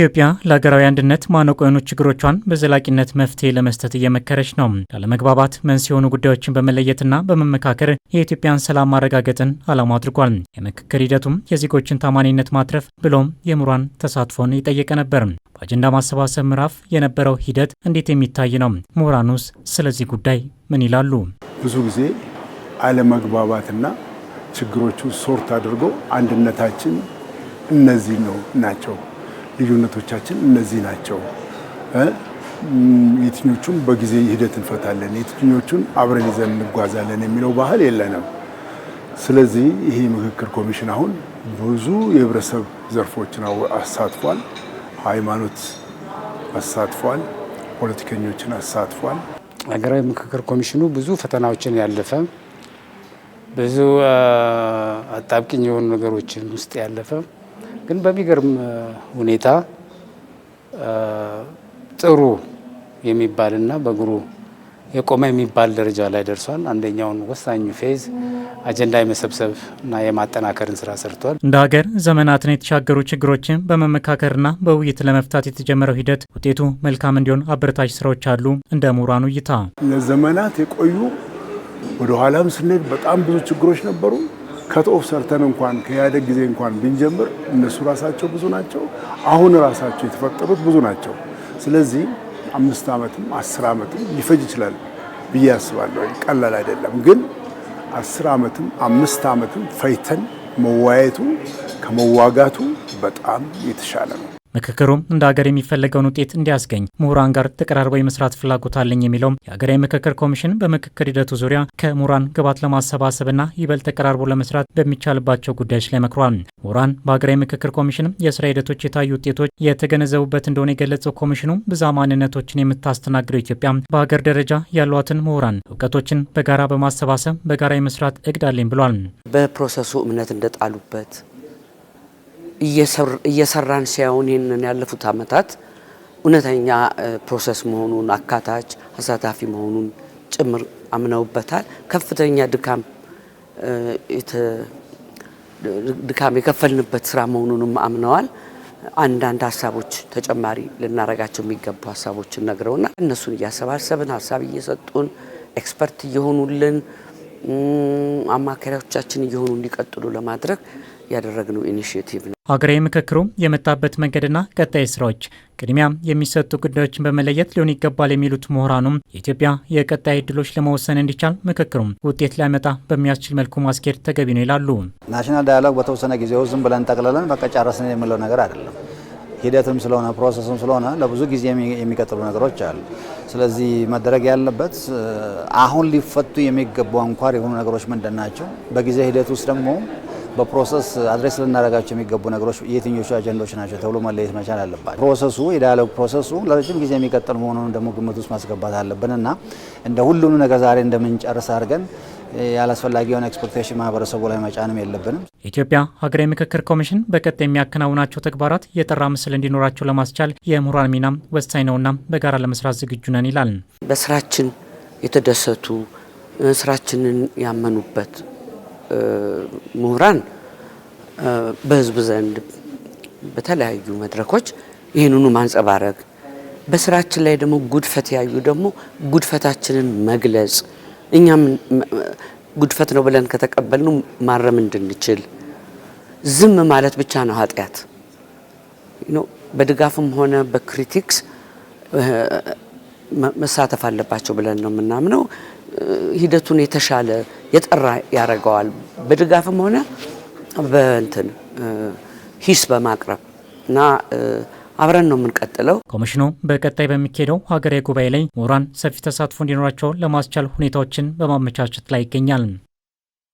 ኢትዮጵያ ለሀገራዊ አንድነት ማነቆ የሆኑ ችግሮቿን በዘላቂነት መፍትሄ ለመስጠት እየመከረች ነው። ላለመግባባት መንስኤ የሆኑ ጉዳዮችን በመለየትና በመመካከር የኢትዮጵያን ሰላም ማረጋገጥን ዓላማ አድርጓል። የምክክር ሂደቱም የዜጎችን ታማኒነት ማትረፍ ብሎም የምሁራን ተሳትፎን ይጠየቀ ነበር። በአጀንዳ ማሰባሰብ ምዕራፍ የነበረው ሂደት እንዴት የሚታይ ነው? ምሁራኑስ ስለዚህ ጉዳይ ምን ይላሉ? ብዙ ጊዜ አለመግባባትና ችግሮቹ ሶርት አድርጎ አንድነታችን እነዚህ ነው ናቸው ልዩነቶቻችን እነዚህ ናቸው። የትኞቹን በጊዜ ሂደት እንፈታለን፣ የትኞቹን አብረን ይዘን እንጓዛለን የሚለው ባህል የለንም። ስለዚህ ይሄ ምክክር ኮሚሽን አሁን ብዙ የህብረተሰብ ዘርፎችን አሳትፏል። ሃይማኖት አሳትፏል፣ ፖለቲከኞችን አሳትፏል። ሀገራዊ ምክክር ኮሚሽኑ ብዙ ፈተናዎችን ያለፈ ብዙ አጣብቂኝ የሆኑ ነገሮችን ውስጥ ያለፈ ግን በሚገርም ሁኔታ ጥሩ የሚባልና በእግሩ የቆመ የሚባል ደረጃ ላይ ደርሷል። አንደኛውን ወሳኝ ፌዝ አጀንዳ የመሰብሰብ እና የማጠናከርን ስራ ሰርቷል። እንደ ሀገር ዘመናትን የተሻገሩ ችግሮችን በመመካከርና በውይይት ለመፍታት የተጀመረው ሂደት ውጤቱ መልካም እንዲሆን አበረታች ስራዎች አሉ። እንደ ምሁራኑ እይታ ለዘመናት የቆዩ ወደኋላም ስንሄድ በጣም ብዙ ችግሮች ነበሩ። ከጦፍ ሰርተን እንኳን ከኢህአዴግ ጊዜ እንኳን ብንጀምር እነሱ ራሳቸው ብዙ ናቸው። አሁን ራሳቸው የተፈጠሩት ብዙ ናቸው። ስለዚህ አምስት ዓመትም አስር ዓመትም ሊፈጅ ይችላል ብዬ አስባለሁ። ቀላል አይደለም። ግን አስር ዓመትም አምስት ዓመትም ፈይተን መዋየቱ ከመዋጋቱ በጣም የተሻለ ነው። ምክክሩም እንደ ሀገር የሚፈለገውን ውጤት እንዲያስገኝ ምሁራን ጋር ተቀራርቦ የመስራት ፍላጎት አለኝ የሚለውም የሀገራዊ ምክክር ኮሚሽን በምክክር ሂደቱ ዙሪያ ከምሁራን ግባት ለማሰባሰብና ይበልጥ ተቀራርቦ ለመስራት በሚቻልባቸው ጉዳዮች ላይ መክሯል። ምሁራን በሀገራዊ ምክክር ኮሚሽን የስራ ሂደቶች የታዩ ውጤቶች የተገነዘቡበት እንደሆነ የገለጸው ኮሚሽኑ ብዛ ማንነቶችን የምታስተናግደው ኢትዮጵያ በሀገር ደረጃ ያሏትን ምሁራን እውቀቶችን በጋራ በማሰባሰብ በጋራ የመስራት እቅድ አለኝ ብሏል። በፕሮሰሱ እምነት እንደጣሉበት እየሰራን ሲያውን ይህንን ያለፉት አመታት እውነተኛ ፕሮሰስ መሆኑን አካታች አሳታፊ መሆኑን ጭምር አምነውበታል። ከፍተኛ ድካም ድካም የከፈልንበት ስራ መሆኑንም አምነዋል። አንዳንድ ሀሳቦች ተጨማሪ ልናረጋቸው የሚገቡ ሀሳቦችን ነግረውና እነሱን እያሰባሰብን ሀሳብ እየሰጡን ኤክስፐርት እየሆኑልን አማካሪዎቻችን እየሆኑ እንዲቀጥሉ ለማድረግ ያደረግነው ኢኒሽቲቭ ነው። ሀገራዊ ምክክሩ የመጣበት መንገድና ቀጣይ ስራዎች ቅድሚያ የሚሰጡ ጉዳዮችን በመለየት ሊሆን ይገባል የሚሉት ምሁራኑም የኢትዮጵያ የቀጣይ እድሎች ለመወሰን እንዲቻል ምክክሩም ውጤት ሊያመጣ በሚያስችል መልኩ ማስኬድ ተገቢ ነው ይላሉ። ናሽናል ዳያሎግ በተወሰነ ጊዜ ዝም ብለን ጠቅለለን በቃ ጨረስን የምለው ነገር አይደለም። ሂደትም ስለሆነ ፕሮሰስም ስለሆነ ለብዙ ጊዜ የሚቀጥሉ ነገሮች አሉ። ስለዚህ መደረግ ያለበት አሁን ሊፈቱ የሚገቡ አንኳር የሆኑ ነገሮች ምንድን ናቸው? በጊዜ ሂደት ውስጥ ደግሞ በፕሮሰስ አድሬስ ልናደርጋቸው የሚገቡ ነገሮች የትኞቹ አጀንዳዎች ናቸው ተብሎ መለየት መቻል አለባቸው። ፕሮሰሱ የዳያሎግ ፕሮሰሱ ለረጅም ጊዜ የሚቀጥል መሆኑን ደግሞ ግምት ውስጥ ማስገባት አለብን እና እንደ ሁሉም ነገር ዛሬ እንደምንጨርስ አድርገን ያላስፈላጊ የሆነ ኤክስፔክቴሽን ማህበረሰቡ ላይ መጫንም የለብንም። የኢትዮጵያ ሀገራዊ ምክክር ኮሚሽን በቀጣይ የሚያከናውናቸው ተግባራት የጠራ ምስል እንዲኖራቸው ለማስቻል የምሁራን ሚናም ወሳኝ ነውና በጋራ ለመስራት ዝግጁ ነን ይላል። በስራችን የተደሰቱ ስራችንን ያመኑበት ምሁራን በህዝብ ዘንድ በተለያዩ መድረኮች ይህንኑ ማንጸባረቅ፣ በስራችን ላይ ደግሞ ጉድፈት ያዩ ደግሞ ጉድፈታችንን መግለጽ እኛም ጉድፈት ነው ብለን ከተቀበልነው ማረም እንድንችል ዝም ማለት ብቻ ነው ኃጢአት። በድጋፍም ሆነ በክሪቲክስ መሳተፍ አለባቸው ብለን ነው የምናምነው። ሂደቱን የተሻለ የጠራ ያደርገዋል። በድጋፍም ሆነ በእንትን ሂስ በማቅረብ እና አብረን ነው የምንቀጥለው። ኮሚሽኑ በቀጣይ በሚካሄደው ሀገራዊ ጉባኤ ላይ ምሁራን ሰፊ ተሳትፎ እንዲኖራቸው ለማስቻል ሁኔታዎችን በማመቻቸት ላይ ይገኛል።